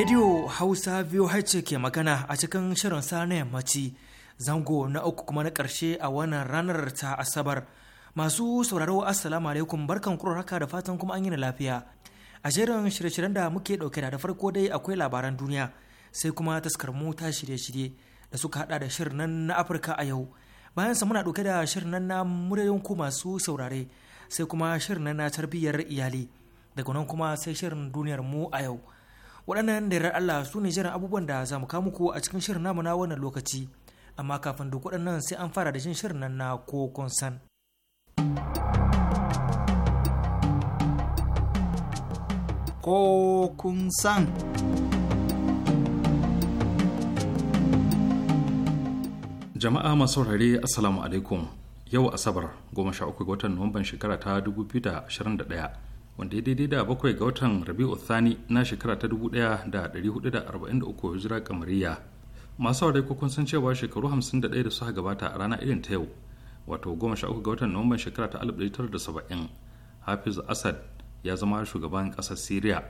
Radio Hausa VOH ke magana a cikin shirin sa na yammaci zango na uku kuma na ƙarshe a wannan ranar ta Asabar. Masu sauraro Assalamu alaikum barkan haka da fatan kuma an yi lafiya. A jerin shirye-shiryen da muke ɗauke da farko dai akwai labaran duniya sai kuma taskar mu ta shirye-shirye da suka hada da shirin nan na Afirka a yau. Bayan sa muna ɗauke da shirin nan na muryoyin ku masu saurare sai kuma shirin nan na tarbiyyar iyali. Daga nan kuma sai shirin duniyar mu a yau. waɗannan da Allah su ne jiran abubuwan da za mu kawo muku a cikin shirin namu na wannan lokaci amma kafin duk waɗannan sai an fara da jin shirin nan na ko san. Ko kun san. Jama'a masu saurare Assalamu alaikum yau Asabar 13 ga watan Nuwamban shekara ta 2021 wanda ya daidai da bakwai ga watan rabi'u thani na shekara ta 1443 hijira kamariya masu aure ko kun san cewa shekaru 51 da suka gabata a rana irin ta yau wato 13 ga watan nuwamban shekara ta 1970 hafiz asad ya zama shugaban kasar syria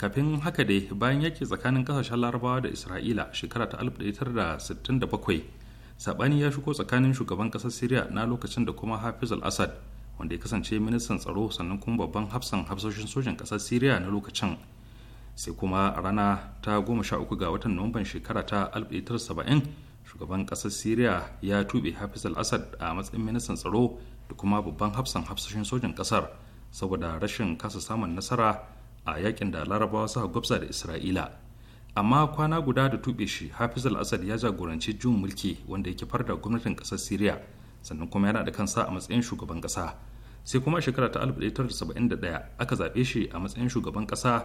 kafin haka dai bayan yaki tsakanin kasashen larabawa da isra'ila shekara ta 1967 sabani ya shigo tsakanin shugaban kasar syria na lokacin da kuma hafiz al-assad wanda ya kasance ministan tsaro sannan kuma babban hafsan hafsoshin sojan kasar syria na lokacin sai kuma a rana ta goma sha uku ga watan nuwamban shekara ta 1970 shugaban ƙasar syria ya tuɓe hafiz al-assad a matsayin ministan tsaro da kuma babban hafsan hafsoshin sojan kasar saboda rashin kasa samun nasara a yakin da larabawa suka gwabza da isra'ila amma kwana guda da tuɓe shi hafiz al-assad ya jagoranci jin mulki wanda yake farda gwamnatin ƙasar syria sannan kuma yana da kansa a matsayin shugaban ƙasa sai kuma shekara ta 1971 aka zaɓe shi a matsayin shugaban ƙasa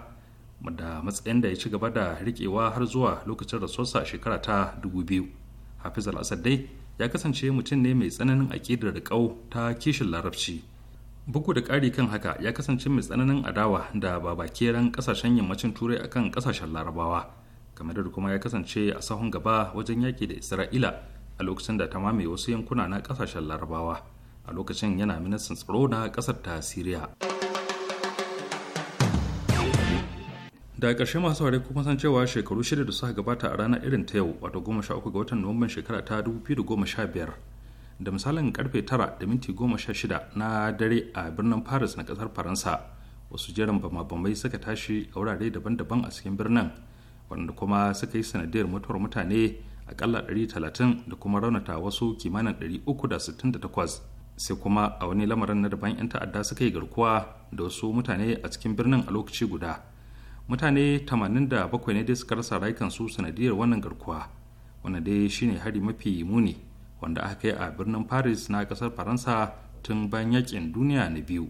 da matsayin da ya ci gaba da riƙewa har zuwa lokacin rasuwarsa shekara ta 2000 hafiz al-assad dai ya kasance mutum ne mai tsananin aƙidar riƙau ta kishin larabci bugu da ƙari kan haka ya kasance mai tsananin adawa da babakeran ƙasashen yammacin turai akan ƙasashen larabawa kamar da kuma ya kasance a sahun gaba wajen yaƙi da isra'ila a lokacin da ta mamaye wasu yankuna na ƙasashen larabawa a lokacin yana ministan tsaro na kasar ta siriya da ƙarshe masu ware kuma san cewa shekaru shida da suka gabata a ranar irin ta yau wato goma sha uku ga watan nuwamban shekara ta dubu biyu da goma sha biyar da misalin karfe tara da minti goma sha shida na dare a birnin paris na ƙasar faransa wasu jerin bama-bamai suka tashi a wurare daban-daban a cikin birnin wanda kuma suka yi sanadiyar mutuwar mutane akalla talatin da kuma raunata wasu kimanin 368 sai kuma a wani lamarin na daban 'yan ta'adda suka yi garkuwa da wasu mutane a cikin birnin a lokaci guda mutane 87 ne dai suka rasa rayukansu sanadiyar wannan garkuwa wanda dai shine hari mafi muni wanda aka kai a birnin paris na kasar faransa tun bayan yakin duniya na biyu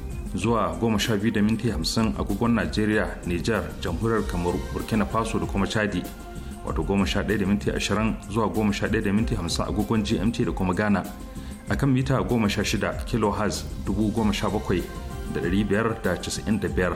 zuwa goma sha biyu da minti 12:50 agogon Najeriya, Nijar, Jamhuriyar Kamaru, Burkina Faso da kuma Chadi. Wato ashirin zuwa ɗaya da minti 11:50 agogon GMT da kuma Ghana. A kan mita 16 da biyar.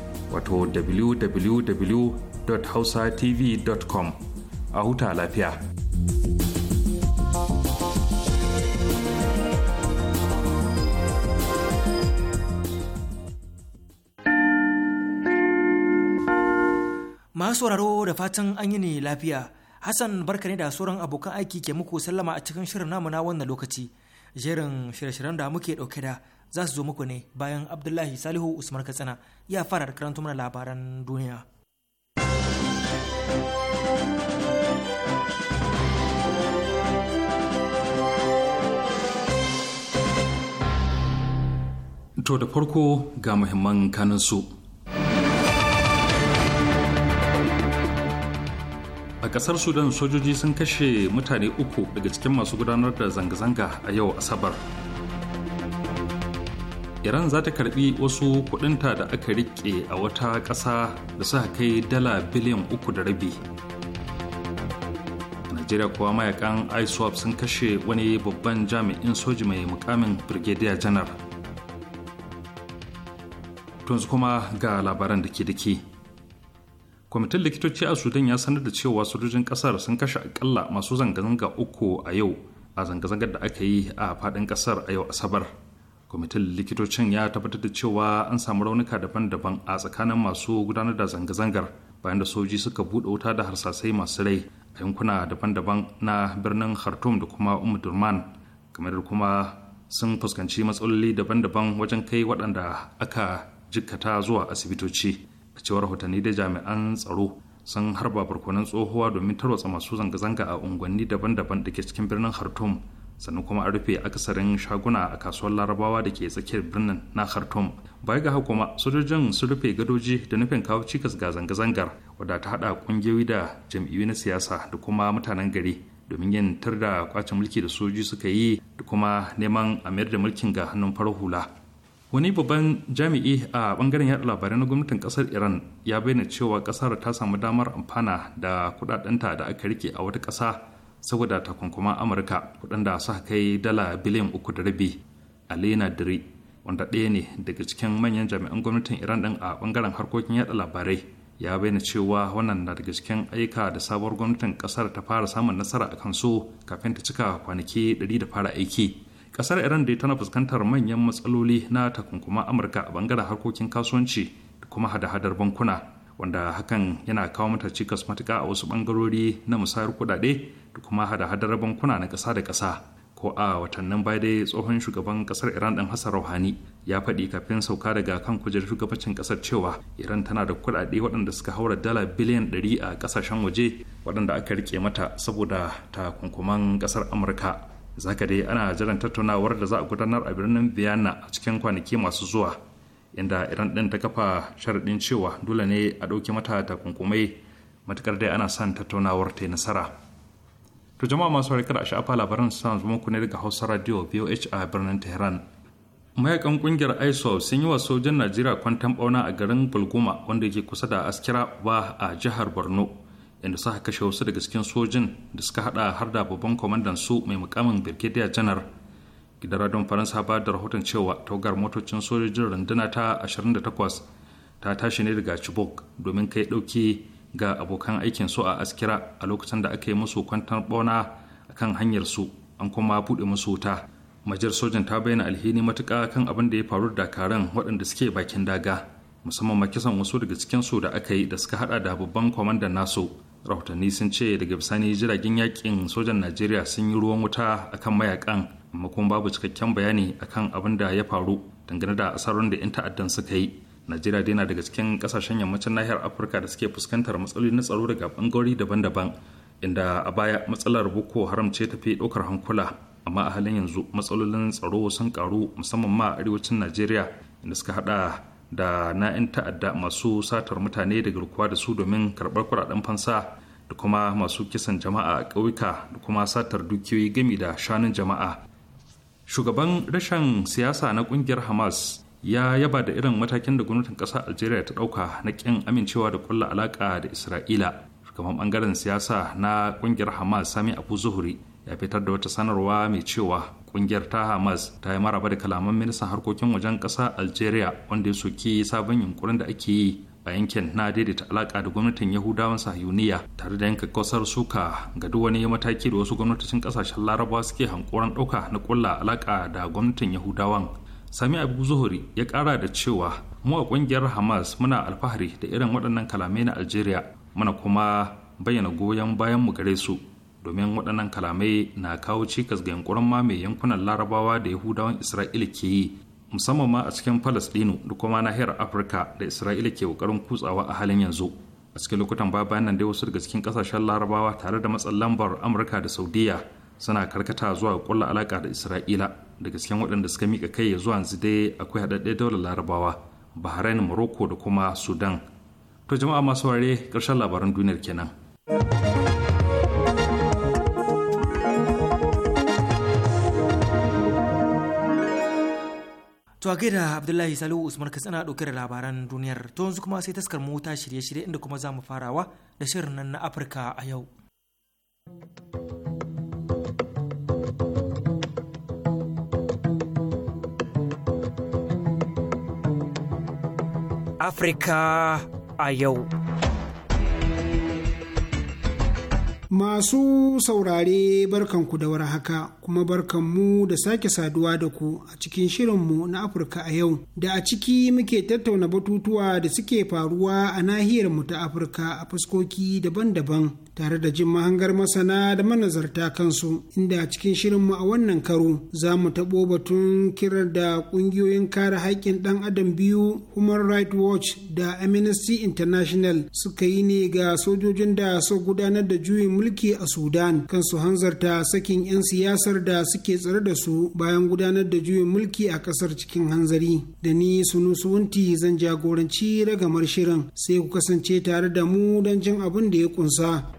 wato www.hausatv.com a huta lafiya. Masu sauraro da fatan an yi ne lafiya. Hassan barka ne da sauran abokan aiki ke muku sallama a cikin shirin namu na wannan lokaci. Jerin shirye-shiryen da muke ɗauke da za su zo muku ne bayan Abdullahi Salihu Usman Katsina ya fara da karanta mana labaran duniya. To da farko ga muhimman kaninsu. A kasar Sudan sojoji sun kashe mutane uku daga cikin masu gudanar da zanga-zanga a yau Asabar. iran za ta karbi wasu kudinta da aka rike a wata ƙasa da suka kai dala biliyan uku da rabi najeriya kuwa mayakan iswap sun kashe wani babban jami'in soji mai mukamin brigadier janar tunzu kuma ga labaran da ke dake kwamitin likitoci a sudan ya sanar da cewa sojojin kasar sun kashe akalla masu zanga-zanga uku a yau a zanga-zangar da aka yi a faɗin kasar a yau asabar kwamitin likitocin ya tabbatar da cewa an samu raunuka daban-daban a tsakanin masu gudanar da zanga-zangar bayan da soji suka buɗe wuta da harsasai masu rai a yankuna daban-daban na birnin khartoum da kuma umdurman da kuma sun fuskanci matsaloli daban-daban wajen kai waɗanda aka jikkata zuwa asibitoci a cewar rahotanni da jami'an tsaro sun harba barkonan tsohuwa domin tarwatsa masu zanga-zanga a unguwanni daban-daban da ke cikin birnin khartoum sannan kuma an rufe akasarin shaguna a kasuwar larabawa da ke tsakiyar birnin na khartoum baya ga haka kuma sojojin sun rufe gadoji da nufin kawo cikas ga zanga-zangar wadda ta haɗa ƙungiyoyi da jam'iyyu na siyasa da kuma mutanen gari domin yin tar da kwacin mulki da soji suka yi da kuma neman a mayar da mulkin ga hannun farar hula wani babban jami'i a bangaren yaɗa labarai na gwamnatin ƙasar iran ya bayyana cewa ƙasar ta samu damar amfana da kudadenta da aka rike a wata ƙasa. saboda takunkuman amurka da suka kai dala biliyan uku da rabi lena dire wanda ɗaya ne daga cikin manyan jami'an gwamnatin iran ɗin a ɓangaren harkokin yaɗa labarai ya bayyana cewa wannan na daga cikin aika da sabuwar gwamnatin ƙasar ta fara samun nasara a kansu kafin ta cika kwanaki ɗari da fara aiki ƙasar iran dai tana fuskantar manyan matsaloli na takunkuman amurka a ɓangaren harkokin kasuwanci da kuma hada-hadar bankuna wanda hakan yana kawo mata cikas matuka a wasu bangarori na musayar kudade da kuma hada-hadar bankuna na ƙasa da ƙasa ko a watannin baya dai tsohon shugaban ƙasar iran ɗin hassan rauhani ya faɗi kafin sauka daga kan kujerar shugabancin ƙasar cewa iran tana da kudade waɗanda suka haura dala biliyan ɗari a ƙasashen waje waɗanda aka rike mata saboda takunkuman ƙasar amurka zaka dai ana jiran tattaunawar da za a gudanar a birnin vienna a cikin kwanaki masu zuwa inda iran din ta kafa sharaɗin cewa dole ne a ɗauki mata takunkumai matukar dai ana son tattaunawar ta nasara to jama'a masu harkar a sha'afa labaran suna zama ku ne daga hausa radio voh a birnin tehran mayakan kungiyar iso sun yi wa sojan najeriya kwantan bauna a garin bulguma wanda ke kusa da askira ba a jihar borno inda suka kashe wasu daga cikin sojin da suka hada har da babban kwamandan su mai mukamin birgediya janar gidan radon faransa ba da rahoton cewa taugar motocin sojojin runduna ta 28 ta tashi ne daga chibok domin kai dauki ga abokan aikin su a askira a lokacin da aka yi musu kwantar bona a kan hanyar su an kuma buɗe musu wuta majiyar sojan ta bayyana alhini matuka kan abin da ya faru da dakaran waɗanda suke bakin daga musamman ma wasu daga cikin su da aka yi da suka hada da babban kwamandan nasu rahotanni sun ce daga bisani jiragen yakin sojan najeriya sun yi ruwan wuta akan mayakan amma kuma babu cikakken bayani akan abin da ya faru dangane da asarar da 'yan ta'addan suka yi najeriya dai na daga cikin kasashen yammacin nahiyar afirka da suke fuskantar matsaloli na tsaro daga bangarori daban-daban inda a baya matsalar boko haram ce ta tafi ɗaukar hankula amma a halin yanzu matsalolin tsaro sun karu musamman ma a arewacin najeriya inda suka hada da na 'yan ta'adda masu satar mutane daga garkuwa da su domin karɓar kuɗaɗen fansa da kuma masu kisan jama'a a kauyuka da kuma satar dukiyoyi gami da shanun jama'a shugaban rashin siyasa na kungiyar hamas ya yaba da irin matakin da gwamnatin ƙasar algeria ta ɗauka na ƙin amincewa da kulla alaƙa da isra'ila shugaban bangaren siyasa na kungiyar hamas sami abu zuhuri ya fitar da wata sanarwa mai cewa kungiyar ta hamas ta yi maraba da kalaman ministan harkokin wajen ƙasa algeria wanda ya soki sabon yunkurin da ake yi a yankin na daidaita alaka da gwamnatin yahudawan sahiyuniya tare da yanka kausar suka ga duk wani mataki da wasu gwamnatocin kasashen larabawa suke hankoran ɗauka na ƙulla alaka da gwamnatin yahudawan sami abu zuhuri ya ƙara da cewa mu a ƙungiyar hamas muna alfahari da irin waɗannan kalamai na algeria muna kuma bayyana goyon bayan mu gare su domin waɗannan kalamai na kawo cikas ga yankuran mamaye yankunan larabawa da yahudawan isra'ila ke yi musamman ma a cikin palestino da kuma nahiyar afirka da isra'ila ke kokarin kutsawa a halin yanzu a cikin lokutan baya bayan nan dai wasu daga cikin kasashen larabawa tare da matsan lambar amurka da saudiya suna karkata zuwa kulla alaka da isra'ila daga cikin waɗanda suka mika kai ya zuwa yanzu dai akwai haɗaɗɗe daular larabawa bahrain morocco da kuma sudan to jama'a masu ware ƙarshen labaran duniyar kenan. To a gaida Abdullahi Salihu Usman Katsina ɗauke da labaran duniyar to yanzu kuma sai taskar mota shirye-shirye inda kuma za mu farawa da shirin nan na Afirka a yau. Afirka a yau. Masu saurare barkanku da dawar haka kuma barkanmu da sake saduwa da ku a cikin shirinmu na Afirka a yau da a ciki muke tattauna batutuwa da suke faruwa a nahiyar mu ta Afirka a fuskoki daban-daban tare da jin mahangar masana da manazarta kansu inda a cikin shirinmu a wannan karo za mu taɓo batun kirar da ƙungiyoyin kare haƙƙin ɗan adam biyu Human Rights Watch da Amnesty International suka yi ne ga sojojin da su gudanar da juyin mulki a sudan kan su hanzarta sakin 'yan siyasar da suke tsare da su bayan gudanar da juyin mulki a kasar cikin hanzari da ni sunu suwunti zan jagoranci ragamar shirin sai ku kasance tare da mu don jin abin da ya kunsa.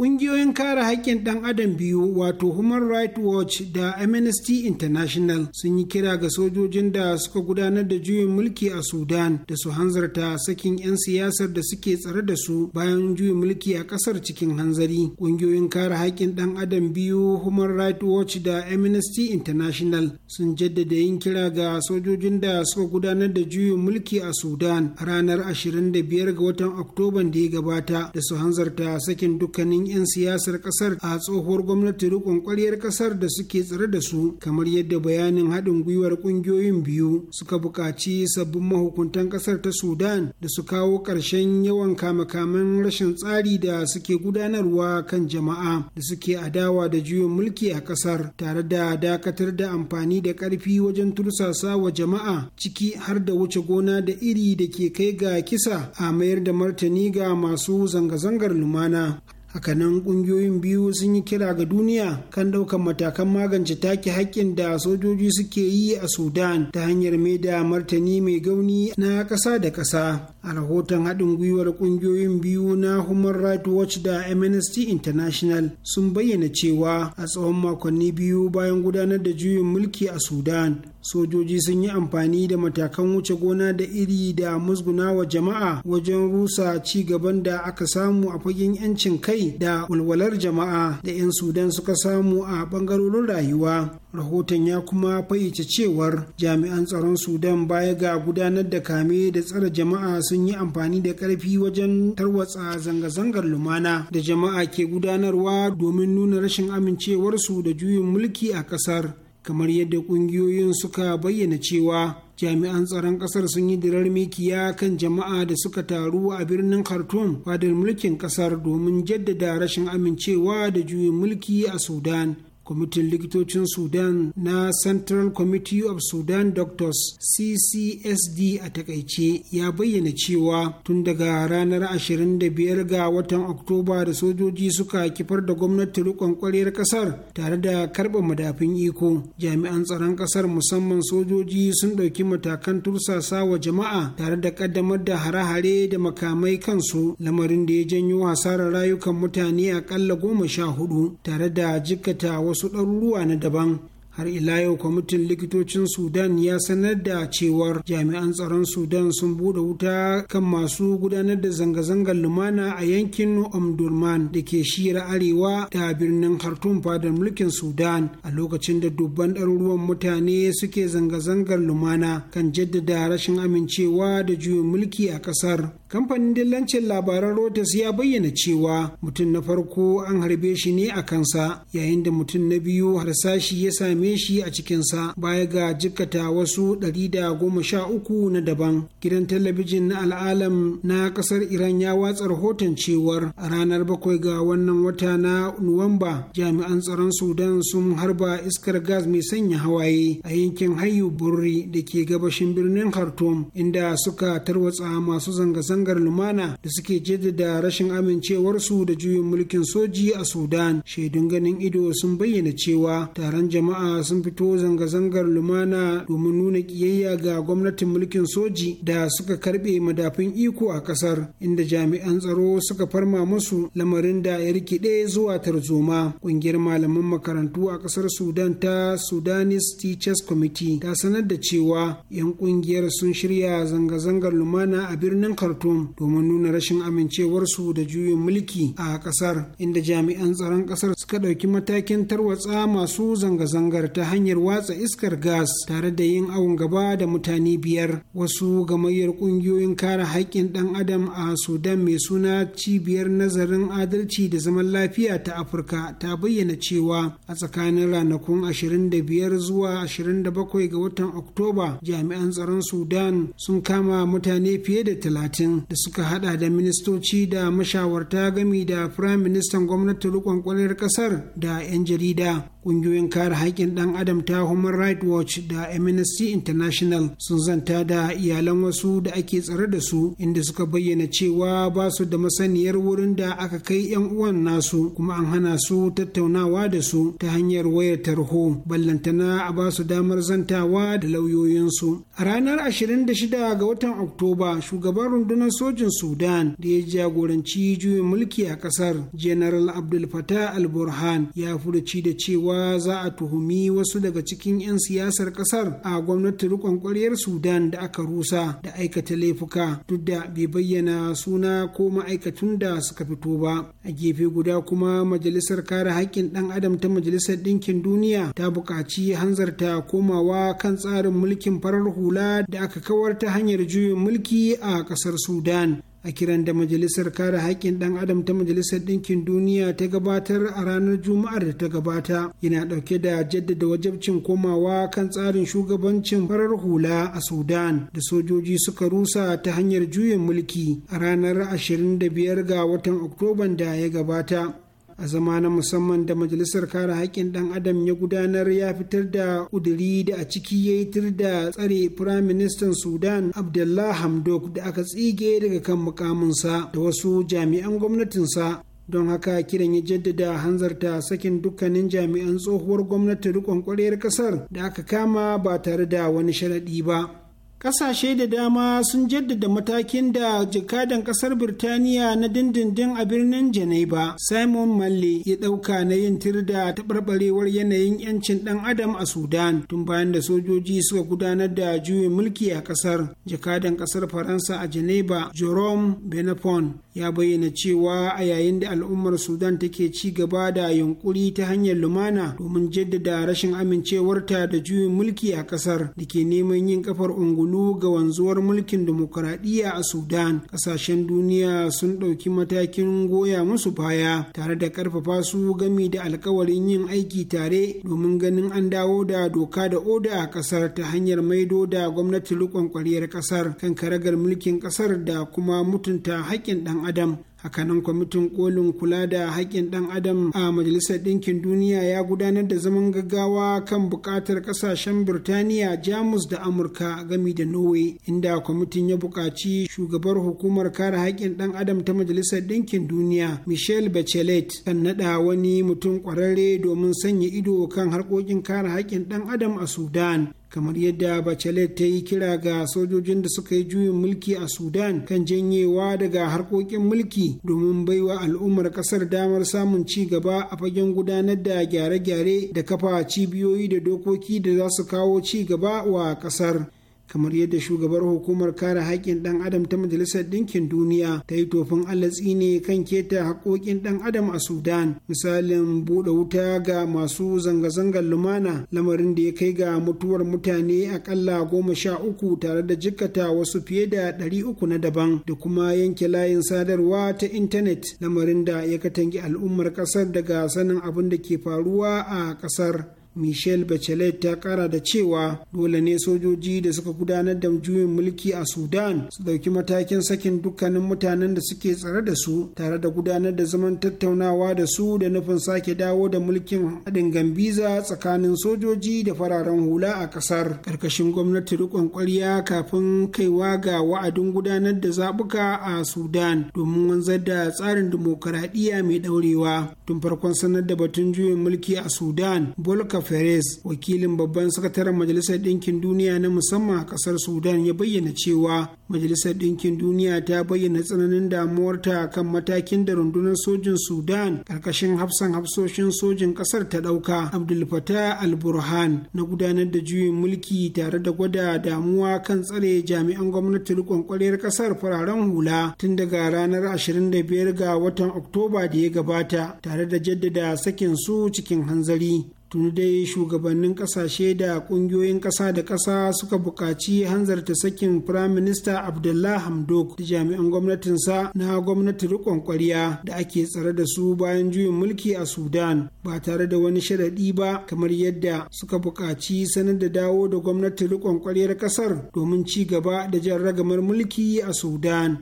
Ƙungiyoyin kare haƙƙin ɗan adam biyu wato Human Rights Watch da Amnesty International sun yi kira ga sojojin da suka gudanar da juyin mulki a Sudan da su hanzarta sakin 'yan siyasar da suke tsare da su bayan juyin mulki a ƙasar cikin hanzari. Ƙungiyoyin kare haƙƙin ɗan adam biyu Human Rights Watch da Amnesty International sun jaddada yin kira ga sojojin da suka gudanar da juyin mulki a Sudan ranar 25 ga watan Oktoban da ya gabata da su hanzarta sakin dukkanin 'yan siyasar kasar a tsohuwar gwamnati rikon kwaryar kasar da suke tsare da su kamar yadda bayanin haɗin gwiwar ƙungiyoyin biyu suka buƙaci sabbin mahukuntan kasar ta sudan da su kawo ƙarshen yawan kamakaman rashin tsari da suke gudanarwa kan jama'a da suke adawa da juyin mulki a kasar tare da dakatar da amfani da ƙarfi wajen tursasa wa jama'a ciki har da wuce gona da iri da ke kai ga kisa a mayar da martani ga masu zanga-zangar lumana hakanan kungiyoyin biyu sun yi kira ga duniya kan ɗaukar matakan magance take haƙƙin da sojoji suke yi a sudan ta hanyar maida martani mai gauni na ƙasa da ƙasa a rahoton haɗin gwiwar ƙungiyoyin biyu na human rights watch da amnesty international sun bayyana cewa a tsawon makonni biyu bayan gudanar da juyin mulki a sudan sojoji sun yi amfani da matakan wuce gona da iri da musgunawa jama'a wajen rusa ci gaban da aka samu a fagen 'yancin kai da walwalar jama'a da 'yan sudan suka samu a ɓangarorin rayuwa rahoton ya kuma fayyace cewar jami'an tsaron sudan baya ga gudanar da kame da tsare jama'a sun yi amfani da ƙarfi wajen tarwatsa zanga-zangar lumana da jama'a ke gudanarwa domin nuna rashin amincewarsu da juyin mulki a kasar kamar yadda ƙungiyoyin suka bayyana cewa jami'an tsaron kasar sun yi dirar mikiya kan jama'a da suka taru a birnin khartoum fadar mulkin kasar domin jaddada rashin amincewa da juyin mulki a sudan kwamitin likitocin sudan na central committee of sudan doctors ccsd a takaice ya bayyana cewa tun daga ranar 25 ga watan oktoba da sojoji suka kifar da gwamnati rikon kwaryar kasar tare da karɓa madafin iko jami'an tsaron kasar musamman sojoji sun ɗauki matakan tursasa wa jama'a tare da ƙaddamar da hare-hare da makamai kansu lamarin da ya janyo hasarar rayukan mutane aƙalla goma sha hudu tare da jikkata wasu wasu ɗaruruwa na daban har ila yau kwamitin likitocin sudan ya sanar da cewar jami'an tsaron sudan sun bude wuta kan masu gudanar da zanga-zangar lumana a yankin omdurman da ke shira arewa da birnin khartoum fadar mulkin sudan a lokacin da dubban ɗaruruwan mutane suke zanga-zangar lumana kan jaddada rashin amincewa da juyin mulki a ƙasar kamfanin dillancin labaran Reuters ya bayyana cewa mutum na farko an harbe shi ne a kansa yayin da mutum na biyu harsashi ya same shi a cikinsa baya ga jikkata wasu 113 na daban gidan talabijin na al'alam na kasar iran ya watsa rahoton cewar a ranar bakwai ga wannan wata na nuwamba jami'an tsaron sudan sun harba iskar gas mai sanya hawaye a yankin hayu burri da ke gabashin birnin khartoum inda suka tarwatsa masu zanga-zanga zanga-zangar lumana da suke jaddada rashin amincewarsu da juyin mulkin soji a sudan shaidun ganin ido sun bayyana cewa taron jama'a sun fito zanga-zangar lumana domin nuna kiyayya ga gwamnatin mulkin soji da suka karbe madafin iko a kasar inda jami'an tsaro suka farma musu lamarin da ya rikide zuwa tarzoma kungiyar malaman makarantu a kasar sudan ta sudanese teachers committee ta sanar da cewa 'yan kungiyar sun shirya zanga-zangar lumana a birnin khartoum Khartoum domin nuna rashin amincewarsu da juyin mulki a kasar inda jami'an tsaron kasar suka ɗauki matakin tarwatsa masu zanga-zangar ta hanyar watsa iskar gas tare da yin awon gaba da mutane biyar wasu gamayyar ƙungiyoyin kare haƙƙin ɗan adam a Sudan mai suna cibiyar nazarin adalci da zaman lafiya ta Afirka ta bayyana cewa a tsakanin ranakun 25 zuwa 27 ga watan Oktoba jami'an tsaron Sudan sun kama mutane fiye da 30 da suka hada da ministoci da mashawarta gami da firayim ministan gwamnatin rikon kwarar kasar da 'yan jarida Ƙungiyoyin kare haƙƙin ɗan adam ta Human Rights Watch da Amnesty International sun zanta da iyalan wasu da ake tsare da su inda suka bayyana cewa ba su da masaniyar wurin da aka kai 'yan uwan nasu kuma an hana su tattaunawa da su ta hanyar wayar tarho ballantana a ba su damar zantawa da lauyoyinsu. A ranar 26 ga watan Oktoba shugaban rundunar sojin Sudan da ya jagoranci juyin mulki a ƙasar General Abdul Fattah al-Burhan ya furuci da cewa cewa za a tuhumi wasu daga cikin 'yan siyasar kasar a gwamnati rikon kwaryar sudan da aka rusa da aikata laifuka duk da bai bayyana suna ko ma'aikatun da suka fito ba a gefe guda kuma majalisar kare haƙƙin ɗan adam ta majalisar ɗinkin duniya ta buƙaci hanzarta komawa kan tsarin mulkin farar hula da aka kawar ta hanyar juyin mulki a ƙasar sudan a kiran da majalisar kare haƙƙin ɗan adam ta majalisar ɗinkin duniya ta gabatar a ranar juma'ar da ta gabata yana ɗauke da jaddada wajabcin komawa kan tsarin shugabancin farar hula a sudan da sojoji suka rusa ta hanyar juyin mulki a ranar 25 ga watan oktoban da ya gabata a zama na musamman da majalisar kare haƙƙin ɗan adam ya gudanar ya fitar da ƙuduri da a ciki ya yi tir da tsare firayim ministan sudan abdullah hamdok da aka tsige daga kan mukaminsa da wasu jami'an gwamnatinsa don haka kiran ya jaddada hanzarta sakin dukkanin jami'an tsohuwar gwamnati rikon ƙwarriyar ƙasar da aka kama ba tare da wani sharaɗi ba Ƙasashe da dama sun jaddada matakin da jakadan ƙasar Birtaniya na dindindin a birnin Janeba, Simon Malle ya ɗauka na yin tirda barbarewar yanayin 'yancin ɗan adam a Sudan tun bayan da sojoji suka gudanar da juyin mulki a ƙasar. Jakadan ƙasar Faransa a Janeba, Jerome Benapon, ya bayyana cewa a yayin da al'ummar Sudan take ci gaba da yunƙuri ta hanyar lumana domin jaddada rashin amincewarta da juyin mulki a ƙasar da ke neman yin kafar ungulu kullu ga wanzuwar mulkin demokuraɗiyya a sudan ƙasashen duniya sun ɗauki matakin goya musu baya tare da ƙarfafa su gami da alkawarin yin aiki tare domin ganin an dawo da doka da oda a ƙasar ta hanyar maido da gwamnati riƙon ƙwaryar ƙasar kan karagar mulkin ƙasar da kuma mutunta haƙƙin ɗan adam hakanan kwamitin kolin kula da haƙƙin ɗan adam a majalisar ɗinkin duniya ya gudanar da zaman gaggawa kan buƙatar ƙasashen birtaniya jamus da amurka gami da norway inda kwamitin ya buƙaci shugabar hukumar kare haƙƙin ɗan adam ta majalisar ɗinkin duniya michelle bachelet kan naɗa wani mutum ƙwararre domin sanya ido kan harkokin kare haƙƙin ɗan adam a sudan kamar yadda bachelet ta yi kira ga sojojin da suka yi juyin mulki a sudan kan janyewa daga harkokin mulki domin baiwa al'ummar kasar damar samun ci gaba a fagen gudanar da gyare-gyare da kafa cibiyoyi da dokoki da za su kawo ci gaba wa kasar kamar yadda shugabar hukumar kare haƙƙin ɗan adam ta majalisar ɗinkin duniya ta yi tofin allatsi ne kan keta haƙoƙin ɗan adam a sudan misalin buɗe wuta ga masu zanga-zangar lumana lamarin da ya kai ga mutuwar mutane aƙalla goma sha uku tare da jikkata wasu fiye da ɗari uku na daban da kuma yanke layin sadarwa ta intanet lamarin da ya katangi al'ummar ƙasar daga sanin abin da ke faruwa a ƙasar michelle bachelet ta kara da cewa dole ne sojoji da suka gudanar da juyin mulki a sudan su dauki matakin sakin dukkanin mutanen da suke tsare da su tare da gudanar da zaman tattaunawa da su da nufin sake dawo da mulkin haɗin gambiza tsakanin sojoji da fararen hula a ƙasar ƙarƙashin gwamnati riƙon ƙwarya kafin kaiwa ga wa'adin gudanar da zaɓuka a sudan domin wanzar da tsarin dimokuraɗiyya mai ɗaurewa tun farkon sanar da batun juyin mulki a sudan bolka Christopher wakilin babban sakataren Majalisar Ɗinkin Duniya na musamman a ƙasar Sudan ya bayyana cewa Majalisar Ɗinkin Duniya ta bayyana tsananin damuwarta kan matakin da rundunar sojin Sudan ƙarƙashin hafsan hafsoshin sojin ƙasar ta ɗauka Abdul Fattah Al-Burhan na gudanar da juyin mulki tare da gwada damuwa kan tsare jami'an gwamnati riƙon ƙwarewar ƙasar fararen hula tun daga ranar 25 ga watan Oktoba da ya gabata tare da jaddada sakin su cikin hanzari tuni dai shugabannin kasashe da kungiyoyin kasa da kasa suka bukaci hanzarta sakin firaminista abdullah hamdok da jami'an gwamnatinsa na gwamnati riƙon ƙwarya da ake tsare da su bayan juyin mulki a sudan ba tare da wani sharaɗi ba kamar yadda suka buƙaci sanar da dawo da gwamnati rikon ƙwaryar ƙasar domin ci gaba da jan ragamar mulki a sudan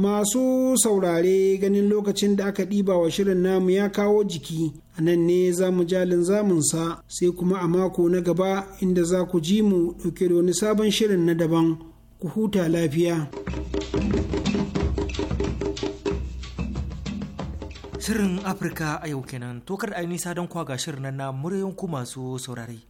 Masu saurare ganin lokacin da aka ɗiba wa shirin namu ya kawo jiki, a nan ne za mu jalin zamunsa sai kuma a mako na gaba inda za ku ji mu ɗauke da wani sabon shirin na daban, ku huta lafiya. Shirin Afirka a yau kenan, tokar da nisa don kwaga shirin na muryoyin masu saurare.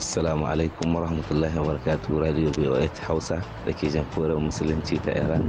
assalamu alaikum warahmatullahi wabarakatuh radio boh hausa da ke jamhuriyar musulunci ta iran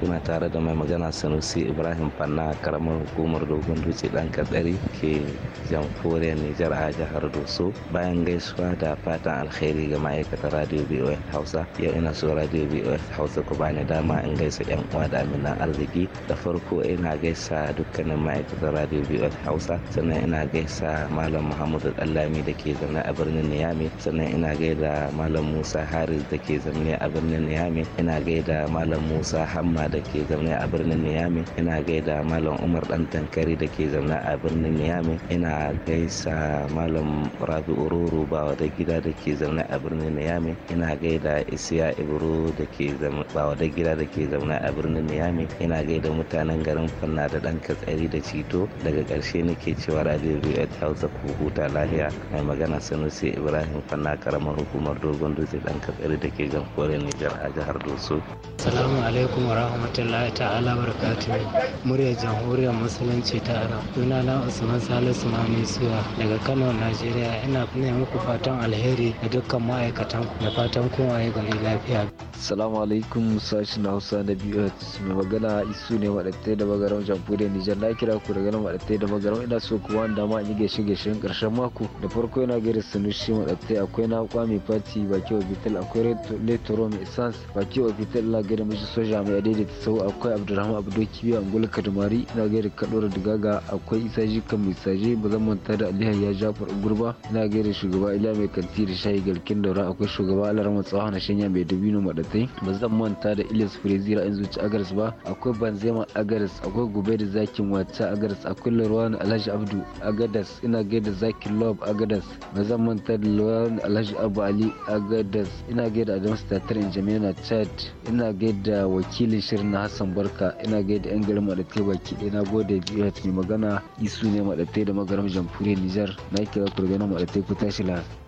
kuna tare da mai magana sanusi ibrahim fanna karamar hukumar dogon dutse dan katsari ke jamhuriyar nijar a jihar doso bayan gaisuwa da fatan alkhairi ga ma'aikatan radio boh hausa yau ina so radio boh hausa ku bani dama in gaisa yan uwa da aminan arziki da farko ina gaisa dukkanin ma'aikatar radio boh hausa sannan ina gaisa malam muhammadu dallami da ke zaune a birnin niyami Niamey sannan ina gaida Malam Musa Haris da ke zaune a birnin Niamey ina gaida Malam Musa Hamma da ke zaune a birnin Niamey ina gaida Malam Umar Dan Tankari da ke zaune a birnin Niamey ina gaisa Malam Rabi Ururu bawa da gida da ke zaune a birnin Niamey ina gaida Isiya Ibro da ke bawa da gida da ke zaune a birnin Niamey ina gaida mutanen garin Fanna da Dan Katsari da Cito daga ƙarshe nake cewa Radio Biyu Hausa ku huta lahiya mai magana Sanusi Ibrahim ibrahim fanna karamar hukumar dogon dutse dan katsari da ke jamhuriyar nijar a jihar doso salamu alaikum wa rahmatullahi ta'ala barakatuhu Murya jamhuriyar musulunci ta arab suna na usman salisu Suwa daga kano najeriya ina ne muku fatan alheri da dukkan ma'aikatan da fatan kun ya gari lafiya salamu alaikum na hausa na biyu mai magana isu ne maɗaɗai da jamhuriyar nijar na kira ku daga nan maɗaɗai da magaram ina so kuwa dama in yi gaishe-gaishen ƙarshen mako da farko yana gaira sanushi maɗaɗai sai akwai na kwami faci baki hospital akwai letoro mai sans baki hospital na gaida mashi soja mai ta sau akwai abdurrahman abdo kibiya angola kadumari na gaida kadora digaga akwai isa jika mai saje ba zan manta da aliyu ya jafar gurba na gaida shugaba ila mai kanti da shayi garkin daura akwai shugaba alarma tsawa na shanya mai dabino madatai ba zan manta da ilis frezira in zuci agaris ba akwai banzema agaris akwai gobe da zakin wata agaris akwai larwani alhaji abdu agadas ina gaida zakin love agadas ba zan manta da sauraron alhaji abu ali agadas ina gaida adamu tatar na chad ina gaida wakilin shirin na hassan barka ina gaida yan garin maɗatai baki ɗaya na gode biyu mai magana isu ne maɗatai da magaram jamhuriyar nijar na kira kurganin maɗatai ku tashi lafiya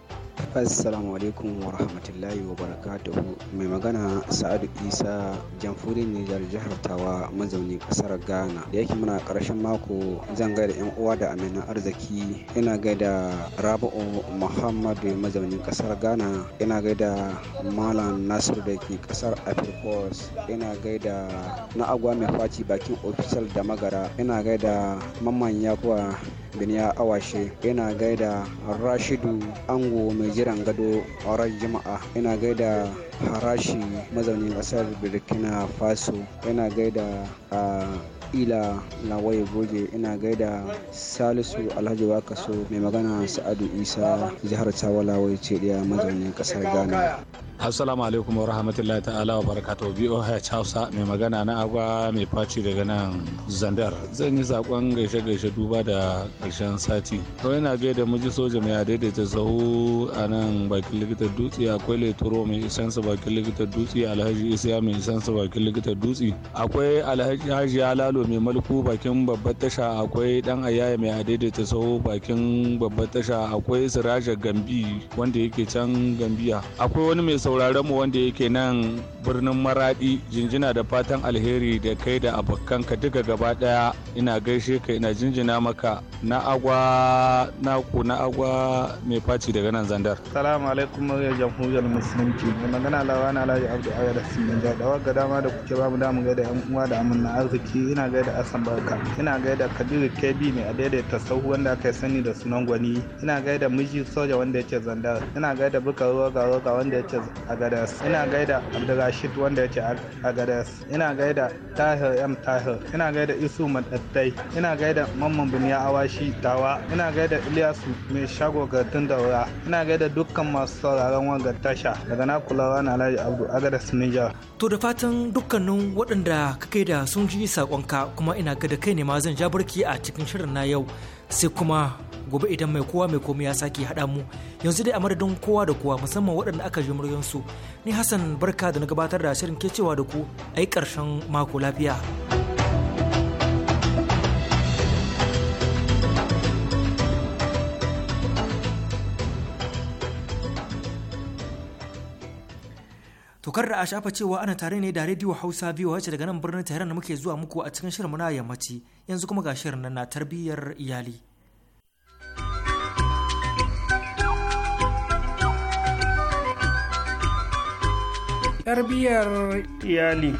assalamu alaikum wa rahmatullahi wa barakatuhu mai magana sa'adu isa jamfuri nijar jihar tawa mazaunin kasar ghana da yake muna karshen mako zan gaida yan uwa da amina arziki ina gaida rabu'u muhammad mazaunin kasar ghana ina gaida malam nasiru da ke kasar afirkos ina gaida na agwa mai faci bakin ofisal da magara ina gaida mamman yakuwa biniya awashe yana gaida rashidu ango mai jiran gado a ran juma'a yana gaida harashi mazaunin kasar burkina faso yana gaida a ila lawaye goge ina gaida salisu alhaji wakaso mai magana sa'adu isa jihar tawala wai ce mazaunin kasar ghana assalamu alaikum wa rahmatullahi ta'ala wa barakatuhu BOH Chausa mai magana na agwa mai faci daga nan Zandar zan yi sakon gaishe gaishe duba da karshen sati to yana da muji soja mai daidaita zahu a nan bakin likitar dutse akwai leturo mai isansa bakin likitar dutse alhaji isiya mai isansa bakin likitar dutse akwai alhaji halalo mai malku bakin babbar tasha akwai dan ayaya mai daidaita zahu bakin babbar tasha akwai siraja gambi wanda yake can gambiya akwai wani mai sauraron mu wanda yake nan birnin maradi jinjina da fatan alheri da kai da abokanka duka gaba daya ina gaishe ka ina jinjina maka na agwa na ku na agwa mai faci daga nan zandar salamu alaikum ya jamhuriyar musulunci mai magana na alhaji abdu aya da sinan jadawa ga dama da kuke ba mu da mu gaida yan uwa da amanna arziki ina gaida asan barka ina gaida kabiru kebi mai ta sahu wanda aka sani da sunan gwani ina gaida miji soja wanda yake zandar ina gaida buka roga roga wanda yake agadas ina gaida abdulrashid wanda yake agadas ina gaida tahir m tahir ina gaida isu madattai ina gaida mamman biniya awashi tawa ina gaida iliyasu mai shago gardin daura ina gaida dukkan masu sauraron wanga tasha daga na kulawa na alhaji abdu agadas niger to da fatan dukkanin waɗanda ka kai da sun ji saƙonka kuma ina ga da kai ne ma zan ja barki a cikin shirin na yau sai kuma gobe idan mai kowa mai komai ya sake haɗa mu yanzu dai a madadin kowa da kowa musamman waɗanda aka ji muryansu ni hassan barka da na gabatar da shirin cewa da ku a yi ƙarshen mako lafiya tokar da a shafa cewa ana tare ne da rediyo hausa biyu wacce daga nan birnin tehran da muke zuwa muku a cikin shirin na yammaci yanzu kuma ga shirin na tarbiyyar iyali tarbiyyar iyali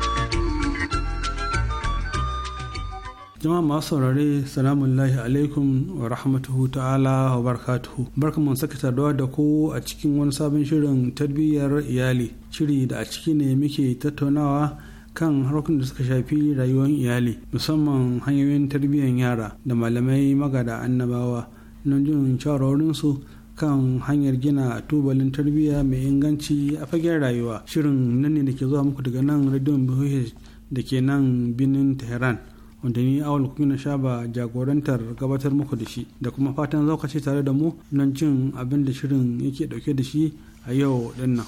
jama masu saurare salamun lahi alaikum wa rahmatuhu ta'ala wa barakatuhu mun saka saduwa da ku a cikin wani sabon shirin tarbiyyar iyali shiri da a ciki ne muke tattaunawa kan harkokin da suka shafi rayuwar iyali musamman hanyoyin tarbiyyar yara da malamai magada annabawa don jin shawarorinsu kan hanyar gina tubalin tarbiyya mai inganci a fagen rayuwa shirin nan ne da ke zuwa muku daga nan radion bh da ke nan binin tehran wanda ni awal kuma shaba jagorantar gabatar muku da shi da kuma fatan zaukace tare da mu nan cin abin da shirin yake dauke da shi a yau dinnan.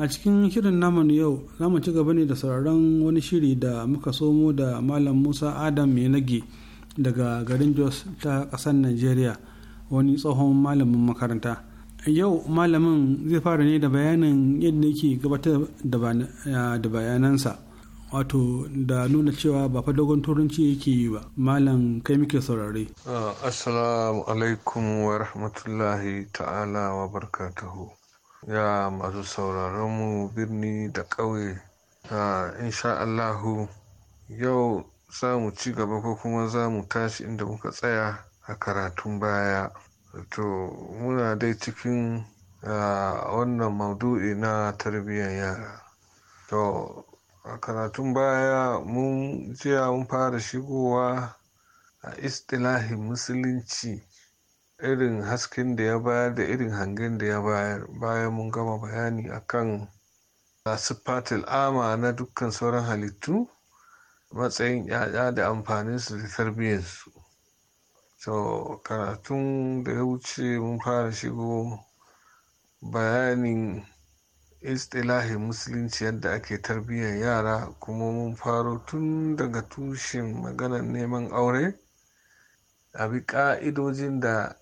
a cikin shirin naman yau za mu ci gaba ne da sauraron wani shiri da muka somo da malam musa adam nage daga garin jos ta ƙasar nigeria wani tsohon malamin makaranta yau malamin zai fara ne da bayanin yadda yake gabatar da bayanansa wato da nuna cewa ba fa dogon turanci yake yi ba malam kai muke saurare ah, assalamu alaikum wa rahmatullahi ta'ala wa barakatuhu ya masu sauraron mu birni da ƙauye a insha Allahu yau za mu ci gaba ko kuma za mu tashi inda muka tsaya a karatun baya to muna dai cikin wannan maudu'i na tarbiyyar yara to a karatun baya mun jiya mun fara shigowa a istilahin musulunci irin hasken da ya bayar da irin hangen da ya bayar bayan mun gama bayani akan sifatil ama na dukkan sauran halittu matsayin yaya da amfaninsu da tarbiyyarsu so karatun da ya wuce mun fara shigo bayanin istilahin musulunci yadda ake tarbiyyar yara kuma mun faro tun daga tushen maganar neman aure abi bi ƙa'idojin da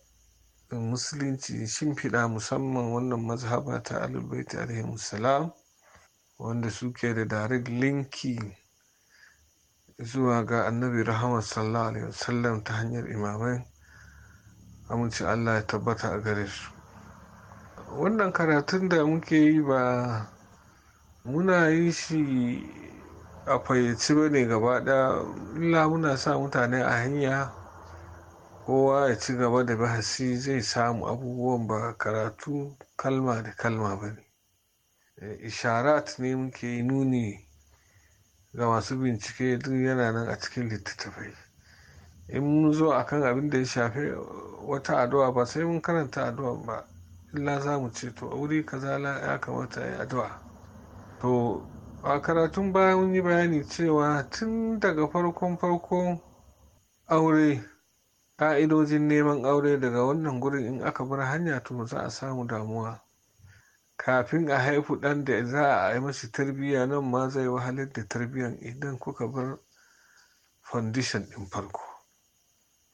musulunci shimfiɗa musamman wannan mazhaba ta alubaita alaihi salam wanda suke da direct linki zuwa ga annabi rahama sallallahu alaihi wasallam ta hanyar imamai amince allah ya tabbata a gare su wannan karatun da muke yi ba muna yi shi a fayyace ba ne gaba ɗaya illa muna sa mutane a hanya kowa ya ci gaba da bahasi zai samu abubuwan ba karatu kalma da kalma ba ne eh, isharat ne muke nuni ga masu bincike duk yana nan a cikin littattafai in mun zo a kan abin da ya shafi wata addu'a ba sai mun karanta addu'a ba illa za mu ce to a wuri kaza ya kamata ya addu'a to a karatun baya mun yi bayani cewa tun daga farkon farkon aure ƙa'idojin neman aure daga wannan gurin in aka bar hanya to za a samu damuwa kafin a haifu ɗan da za a yi mashi tarbiyya nan ma zai wahalar da tarbiyyan idan kuka bar foundation ɗin farko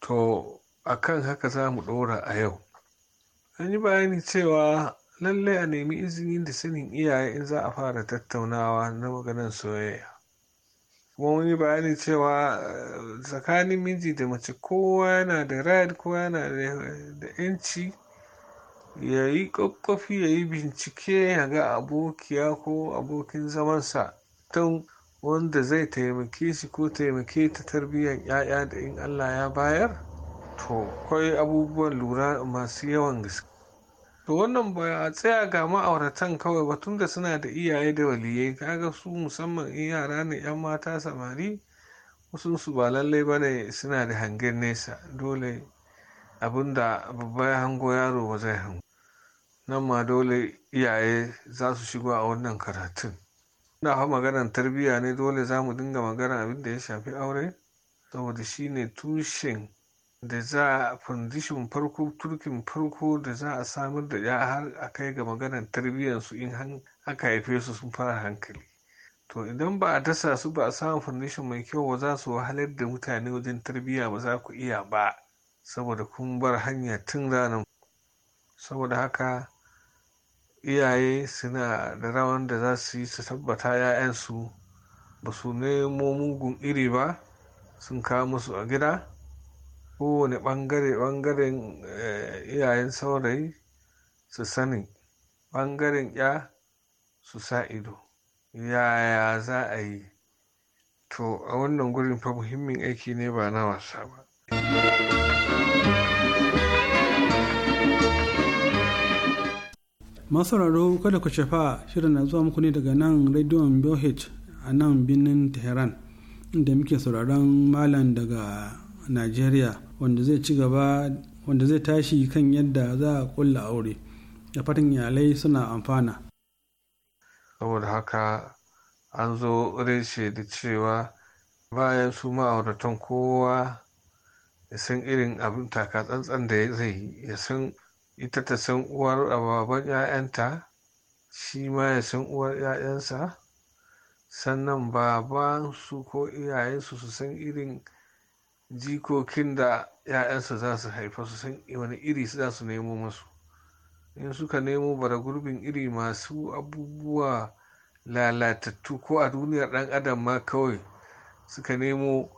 to a kan haka za mu ɗora a yau an yi bayani cewa lallai a nemi izini da sanin iyaye in za a fara tattaunawa na maganar soyayya kuma mun yi bayani cewa eh, tsakanin miji da mace kowa yana da right kowa yana da yanci ya yi ƙwaƙwafi ya yi bincike ya ga abokiya ko abokin zamansa tun wanda zai taimake shi ko taimake ta tarbiyyar 'ya'ya da in allah ya bayar to kwai abubuwan lura masu yawan gaske to wannan ba a tsaya ga ma'auratan kawai ba tunda suna da iyaye da waliyai kaga su musamman in yara ne yan mata samari wasu su ba lallai ba ne suna da hangen nesa dole abin da babba ya hango yaro ba zai hango nan ma dole iyaye za su shigo a wannan karatun na fa maganar tarbiyya ne dole za mu dinga magana abin da ya shafi aure saboda shine tushen da za a foundation farko turkin farko da za a samar da ya har a kai ga maganar tarbiyyarsu in aka haife su sun fara hankali to idan ba a dasa su ba a samun foundation mai kyau ba za su wahalar da mutane wajen tarbiyya ba za ku iya ba saboda kun bar hanya tun ranar saboda haka iyaye suna da rawan da za su yi su tabbata 'ya'yansu ba su nemo mugun iri ba sun kawo musu a gida kowane ɓangare ɓangaren eh, iyayen saurayi su sani ɓangaren ya su sa ido yaya za a yi to a wannan gurin fa muhimmin aiki ne ba na wasa ba masauraro kada ku shafa shirin na zuwa muku ne daga nan rediyon BOH a nan birnin tehran inda muke sauraron malam daga nigeria wanda zai ci gaba wanda zai tashi kan yadda za a kulla aure da fatan yalai suna amfana saboda haka an zo reshe da cewa bayan su ma'auratan kowa ya san irin abin taka tsantsan da zai ya san ita ta san uwar ababen 'ya'yanta shi ma ya san uwar 'ya'yansa sannan baban su ko iyayensu su san irin jikokin da 'ya'yansa za su haifa su san wani iri za su nemo masu in suka nemo bara gurbin iri masu abubuwa lalatattu ko a duniyar ɗan adam ma kawai suka nemo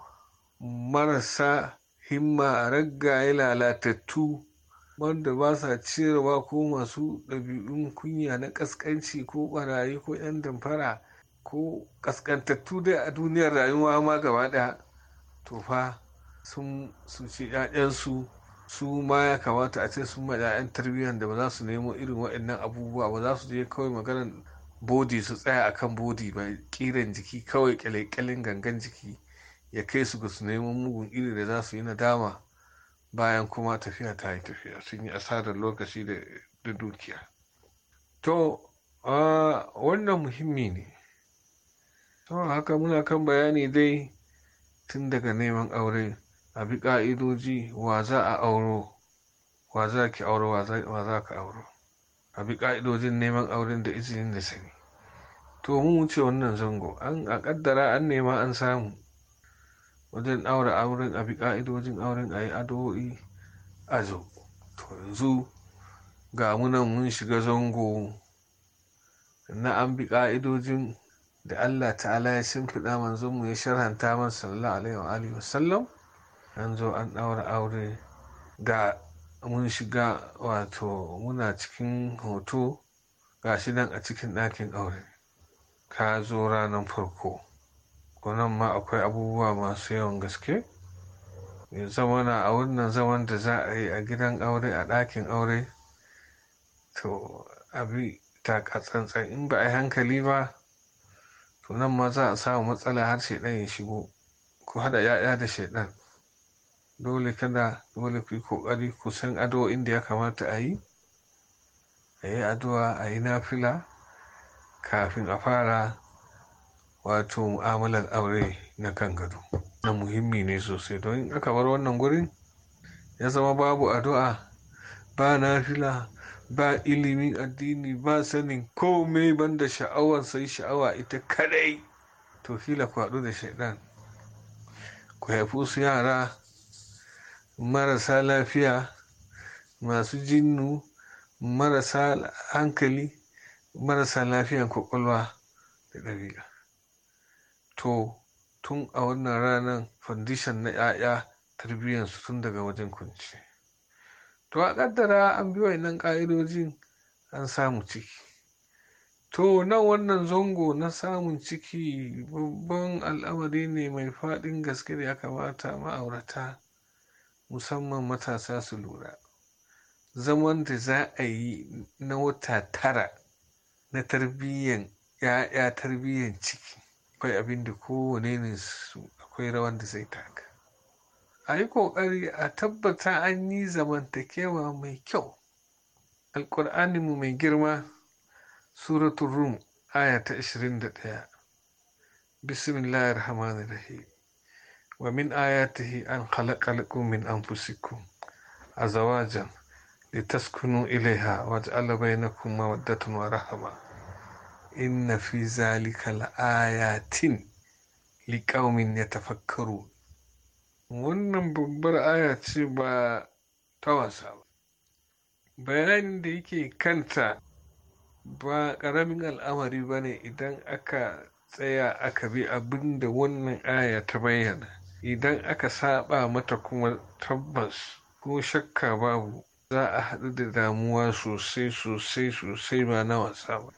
marasa himma raggaye lalatattu wanda ba sa cirewa ko masu ɗabi'un kunya na ƙasƙanci ko ɓarayi ko 'yan damfara ko ƙasƙantattu dai a duniyar rayuwa ma gaba ɗaya to fa sun ce 'ya'yansu su ma ya kamata a ce sun ma 'ya'yan tarbiyyar da ba za su nemo irin waɗannan abubuwa ba za su je kawai maganar bodi su tsaya a kan bodi ba ƙiran jiki kawai kyalekyalen gangan jiki ya kai su ga su neman mugun iri da za su yi nadama bayan kuma tafiya ta yi tafiya sun yi asarar lokaci da dukiya to wannan muhimmi ne saboda haka muna kan bayani dai tun daga neman aure a bi ƙa'idoji wa za a auro wa za ki auro wa za ka auro a bi ƙa'idojin neman auren da izinin da sani to mun wuce wannan zango an a ƙaddara an nema an samu wajen aure auren a bi ƙa'idojin auren a yi ado'i a zo to yanzu ga munan mun shiga zango na an bi ƙa'idojin da Allah ta'ala ya shimfiɗa manzon mu ya sharhanta man sallallahu alaihi wa sallam an zo an ɗaura aure ga mun shiga wato muna cikin hoto ga shi nan a cikin ɗakin aure ka zo ranar farko nan ma akwai abubuwa masu yawan gaske zama zamana a wannan zaman da za a yi a gidan aure a ɗakin aure to abi tsantsan in ba a yi hankali ba to nan ma za a samu matsala har shaidan ya shigo ko haɗa 'ya'ya da shaidan dole kada dole ku yi ƙoƙari ku san addu'o'in da ya kamata ayi, ayi a yi addu'a a yi nafila kafin a fara wato mu'amalar aure na kan gado na muhimmi ne sosai don in aka bar wannan gurin ya zama babu addu'a ba nafila ba ilimin addini ba sanin komai banda sha'awar sai sha'awa ita kadai to kila ku da shaidan ku haifi su yara marasa lafiya masu jinnu marasa hankali marasa lafiyan kwakwalwa da ɗabi'a to tun a wannan ranar fondishan na 'ya'ya tarbiyyansu tun daga wajen kunci to a ƙaddara an bi nan ƙa'idojin an samu ciki to nan wannan zango na samun ciki babban al'amari ne mai faɗin gaske da ya kamata ma'aurata musamman matasa su lura zaman da za a yi na wata tara na tarbiyyan ya'ya tarbiyyan ciki akwai abin da kowane ne su akwai rawan da zai taka a yi ƙoƙari a tabbata an yi zamantakewa mai kyau mu mai girma suratun rum aya ta 21 bismillahir rahmanir rahim wa min ayatihi an khalaqa lakum min anfusikum azawajan litaskunu ilayha wa ja'ala bainakum mawaddatan wa rahma inna fi zalika laayatin liqaumin yatafakkaru wannan babbar aya ce ba ta wasa ba bayanin da yake kanta ba ƙaramin al'amari ba ne idan aka tsaya aka bi abinda wannan aya ta bayyana idan aka saba mata kuma tabbas ko shakka babu za a haɗu da damuwa sosai sosai sosai ba na wasa ba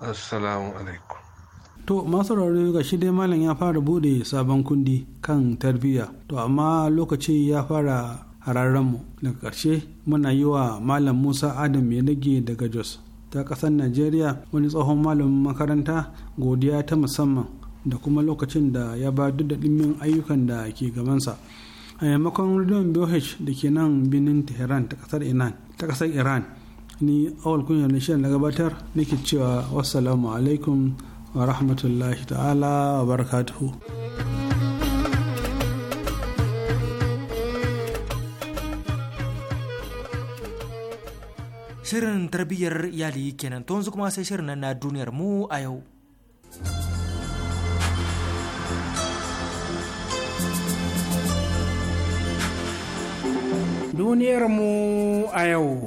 assalamu alaikum to masu rauni ga shi dai malam ya fara bude sabon kundi kan tarbiyya to amma lokaci ya fara hararren mu daga ƙarshe muna yi wa malam musa adam ya nage daga jos ta ƙasar najeriya wani tsohon malamin makaranta godiya ta musamman da kuma lokacin da ya ba duk da dimmin ayyukan da ke gabansa a yammakon rediyon boh da ke nan birnin tehran ta kasar iran ta ƙasar iran ni awal kunya na shirin na gabatar nake cewa wassalamu alaikum wa rahmatullahi ta'ala wa barakatuhu shirin tarbiyyar iyali kenan to yanzu kuma sai shirin na duniyar mu a yau Duniyar mu a yau.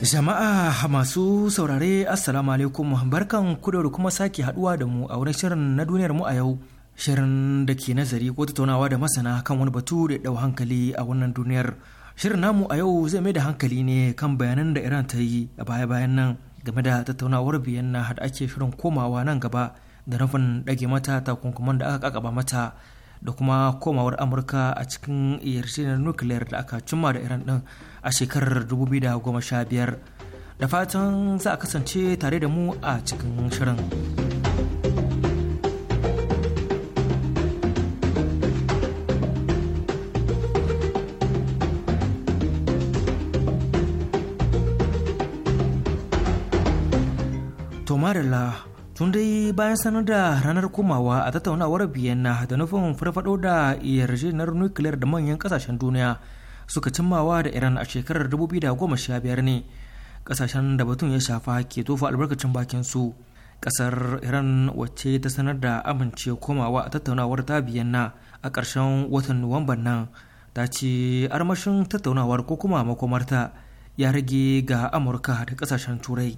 Jama'a masu saurare Assalamu alaikum barkan ku kuma sake haduwa da mu a wurin shirin na duniyarmu a yau. Shirin da ke nazari ko tattaunawa da masana kan wani batu da ɗau hankali a wannan duniyar. Shirin namu a yau zai mai da hankali ne kan bayanan da Iran ta yi a baya-bayan nan game da tattaunawar na da ake shirin komawa nan gaba da nufin ɗage mata takunkuman da aka kakaba mata da kuma komawar amurka a cikin yarjejeniyar nukiliyar da aka cimma da iran din a shekarar 2015 da fatan za a kasance tare da mu a cikin shirin to tun dai bayan sanar da ranar komawa a tattaunawar biyanna da nufin farfado da yarjejeniyar nukiliyar da manyan kasashen duniya suka cimmawa da iran a shekarar 2015 ne kasashen da batun ya shafa ke tofa albarkacin bakin su kasar iran wacce ta sanar da amince komawa a tattaunawar ta biyanna a ƙarshen watan nuwamban nan ta ce armashin tattaunawar ko kuma makomarta ya rage ga amurka da kasashen turai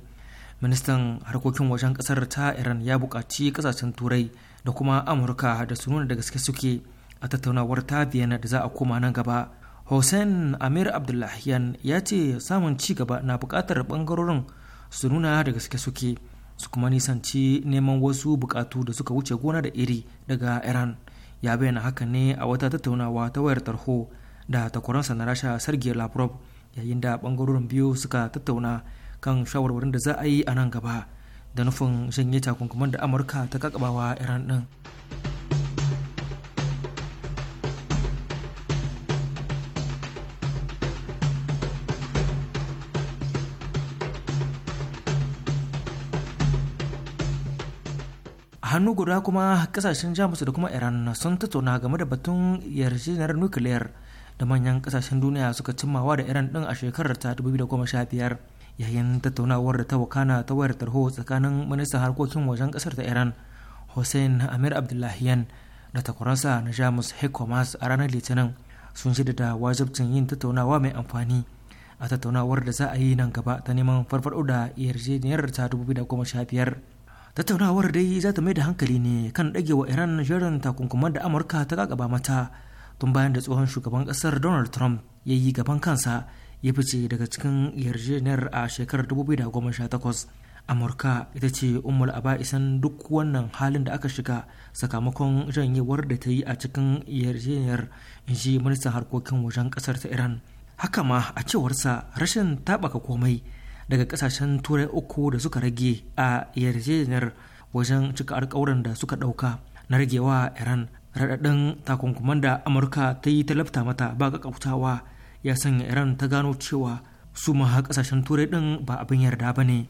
ministan harkokin wajen kasar ta iran ya bukaci kasashen turai da kuma amurka da su nuna da gaske suke a tattaunawar ta biyana da za a koma nan gaba hussein amir abdullahian ya ce samun ci gaba na bukatar bangarorin su nuna da gaske suke su kuma nisanci neman wasu bukatu da suka wuce gona da iri daga iran ya bayyana haka ne a wata tattaunawa ta wayar tarho da takwaransa na rasha sergei lavrov yayin da ɓangarorin biyu suka tattauna kan shawarwarin da za a yi a nan gaba da nufin shanye takunkuman da amurka ta kakabawa iran din hannu guda kuma kasashen jamus da kuma iran sun tattauna game da batun yarjejeniyar nukiliyar da manyan kasashen duniya suka cimmawa da iran din a shekarar ta 2015 yayin tattaunawar da ta wakana ta wayar tarho tsakanin minista harkokin wajen kasar ta iran hussein amir abdullahiyan da takwaransa na jamus hekomas a ranar litinin sun shida da wajibcin yin tattaunawa mai amfani a tattaunawar da za a yi nan gaba ta neman farfaɗo da yarjejeniyar ta biyar tattaunawar dai za ta mai da hankali ne kan ɗagewa iran shirin takunkuman da amurka ta gagaba mata tun bayan da tsohon shugaban kasar donald trump ya yi gaban kansa ya fice daga cikin yarjejeniyar a shekarar 2018 amurka ita ce umar isan duk wannan halin da aka shiga sakamakon janyewar da ta yi a cikin yarjejeniyar inji ministan harkokin wajen kasar ta iran haka ma a cewarsa rashin taɓaka komai daga kasashen turai uku da suka rage a yarjejeniyar wajen cika alkawuran da suka ɗauka na ragewa iran raɗaɗin takunkuman da amurka ta yi talabta mata ba kautawa. ya sanya iran ta gano cewa su maha kasashen turai din ba abin yarda ba ne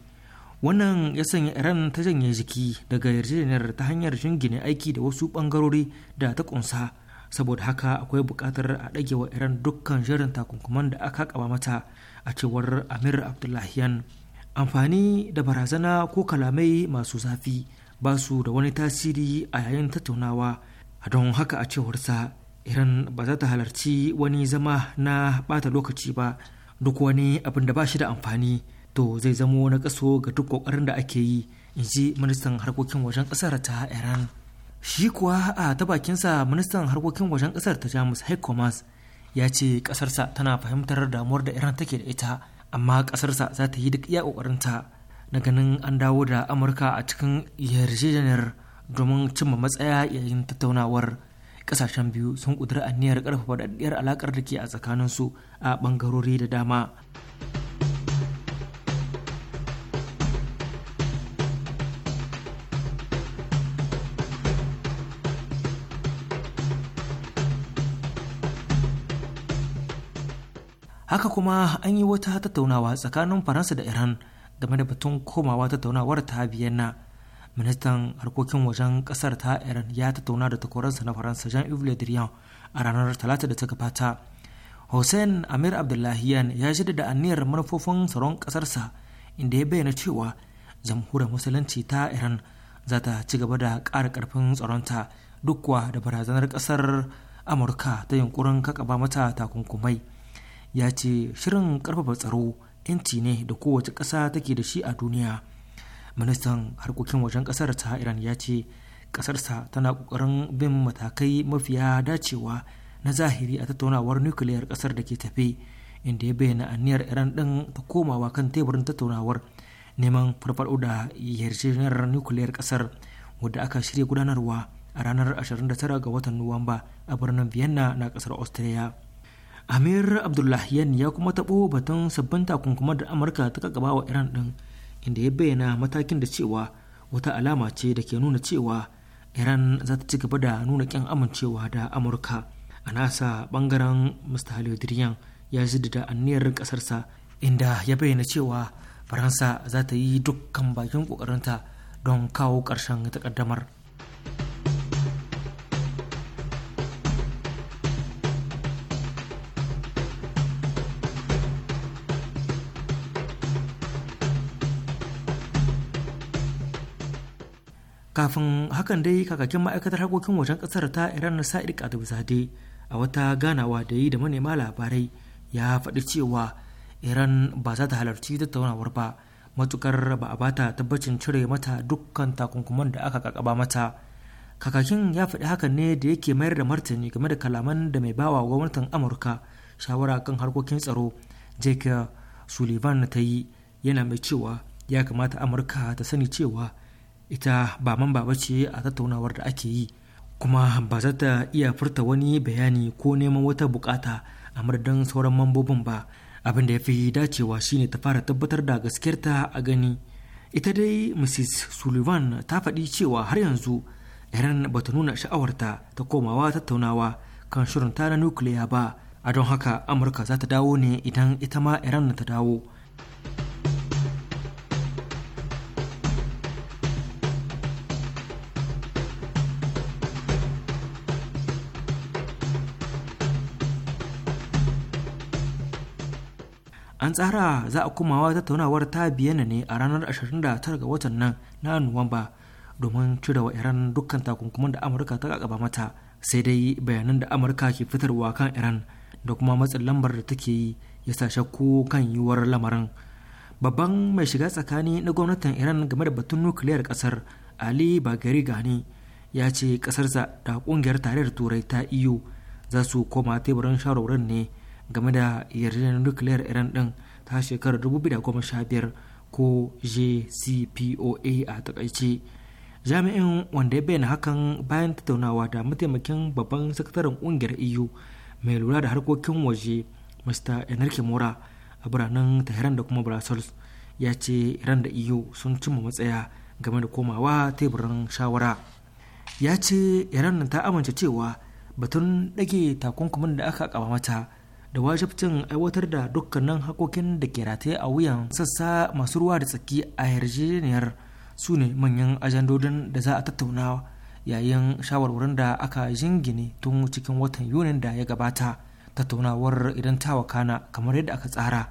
wannan ya sanya iran ta janye jiki daga yarjejeniyar ta hanyar jingine aiki da wasu bangarori da ta kunsa saboda haka akwai buƙatar a dage wa iran dukkan shirin takunkuman da aka kaba mata a cewar amir abdullahiyan amfani da barazana ko kalamai masu zafi ba su da wani tasiri a yayin tattaunawa don haka a cewarsa iran ba za ta halarci wani zama na bata lokaci ba duk wani abin da ba shi da amfani to zai zamo na kaso ga duk kokarin da ake yi in ji ministan harkokin wajen kasar ta iran shi kuwa a ta bakinsa ministan harkokin wajen ƙasar ta jamus heiko ya ce kasarsa tana fahimtar damuwar da iran take da ita amma kasarsa za ta yi duk iya ta na ganin an dawo da amurka a cikin yarjejeniyar domin cimma matsaya yayin tattaunawar kasashen biyu sun ƙudiri aniyar ƙarfafa daɗaɗɗiyar alaƙar da ke a su a bangarori da dama haka kuma an yi wata tattaunawa tsakanin faransa da iran game da batun komawa tattaunawar ta biyanna ministan harkokin wajen kasar ta iran ya tattauna da takwaransa na faransa jean-yves le drian a ranar talata da ta gabata hussein amir abdullahiyan ya da aniyar manufofin tsaron kasarsa inda ya bayyana cewa jamhuriyar musulunci ta iran za ta ci gaba da ƙara ƙarfin tsaronta duk kuwa da barazanar kasar amurka ta yunkurin kakaba mata takunkumai ya ce shirin karfafa tsaro 'yanci ne da kowace ƙasa take da shi a duniya ministan harkokin wajen kasar ta iran ya ce kasarsa tana kokarin bin matakai mafiya dacewa na zahiri a tattaunawar nukiliyar kasar da ke tafe inda ya bayyana aniyar iran din ta komawa kan teburin tattaunawar neman farfaɗo da yarjejeniyar nukiliyar kasar wadda aka shirya gudanarwa a ranar 29 ga watan nuwamba a birnin vienna na kasar austria amir abdullahian ya kuma taɓo batun sabbin takunkumar da amurka ta kakaba wa iran din inda ya bayyana matakin da cewa wata alama ce da ke nuna cewa iran za ta ci gaba da nuna kyan amincewa da amurka a nasa bangaren mr halidiriyan ya da anniyar kasarsa inda ya bayyana cewa faransa za ta yi dukkan bakin kokarinta don kawo ƙarshen takaddamar kafin hakan dai kakakin ma'aikatar harkokin wajen kasar ta iran sa'id kadabzade a wata ganawa da yi da manema labarai ya faɗi cewa iran ba za ta halarci tattaunawar ba matukar ba a bata tabbacin cire mata dukkan takunkuman da aka kakaba mata kakakin ya faɗi hakan ne da yake mayar da martani game da kalaman da mai bawa gwamnatin amurka shawara kan harkokin tsaro jake sullivan ta yi yana mai cewa ya kamata amurka ta sani cewa ita ba mamba ba ce a tattaunawar da ake yi kuma ba za ta iya furta wani bayani ko neman wata bukata a madadin sauran mambobin ba abin da ya fi dacewa shine ta fara tabbatar da gaskiyarta a gani ita dai mrs sullivan ta faɗi cewa har yanzu iran ba ta nuna sha'awarta ta komawa tattaunawa kan shirin ta na nukiliya ba a don haka amurka za ta dawo ne idan ita ma iran ta dawo an tsara za a kumawa tattaunawar ta biyana ne a ranar 29 ga watan nan na nuwamba domin cire wa iran dukkan takunkuman da amurka ta gaba mata sai dai bayanan da amurka ke fitarwa kan iran da kuma matsin lambar da take yi ya sa shakku kan yiwuwar lamarin babban mai shiga tsakani na gwamnatin iran game da batun nukiliyar kasar ali bagari gani ya ce kasarsa da kungiyar tarayyar turai ta iyo e za su koma teburin shawarwarin ne game da yarjejeniyar nukiliyar iran din ta shekarar 2015 ko jcpoa a takaice jami'in wanda ya bayyana hakan bayan tattaunawa da mataimakin babban sakataren kungiyar eu mai lura da harkokin waje mr enrique mora a biranen tehran da kuma brussels ya ce iran da eu sun cimma matsaya game da komawa teburin shawara ya ce iran ta amince cewa batun dage takunkumin da aka kaba mata da wajibcin aiwatar da dukkanin hakokin da ke rataye a wuyan sassa masu ruwa da tsaki a yarjejeniyar su ne manyan ajandodin da za a tattauna yayin shawarwarin da aka jingine tun cikin watan yunin da ya gabata tattaunawar idan ta wakana kamar yadda aka tsara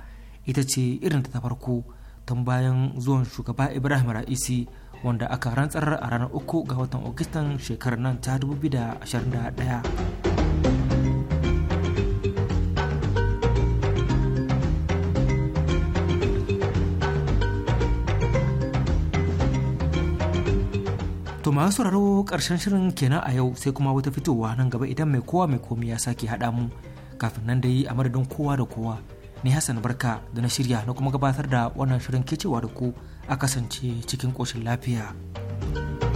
ita ce irin ta farko tun bayan zuwan shugaba ibrahim ra'isi wanda aka rantsar a ranar uku ga watan agustan shekarar nan ta 2021 To masu sauraro ƙarshen shirin kenan a yau sai kuma wata fitowa nan gaba idan mai kowa mai komi ya sake haɗa mu kafin nan dai a madadin kowa da kowa. Ni Hassan Barka da na shirya na kuma gabatar da wannan shirin ke cewa da ku a kasance cikin koshin lafiya. thank you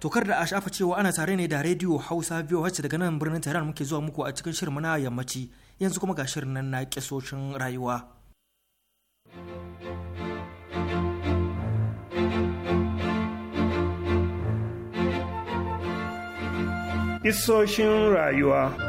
tokar da a shafa cewa ana tare ne da rediyo hausa biyu wacce daga nan birnin tehran muke zuwa muku a cikin shirin na yammaci yanzu kuma ga shirin nan na kisoshin rayuwa Isoshin rayuwa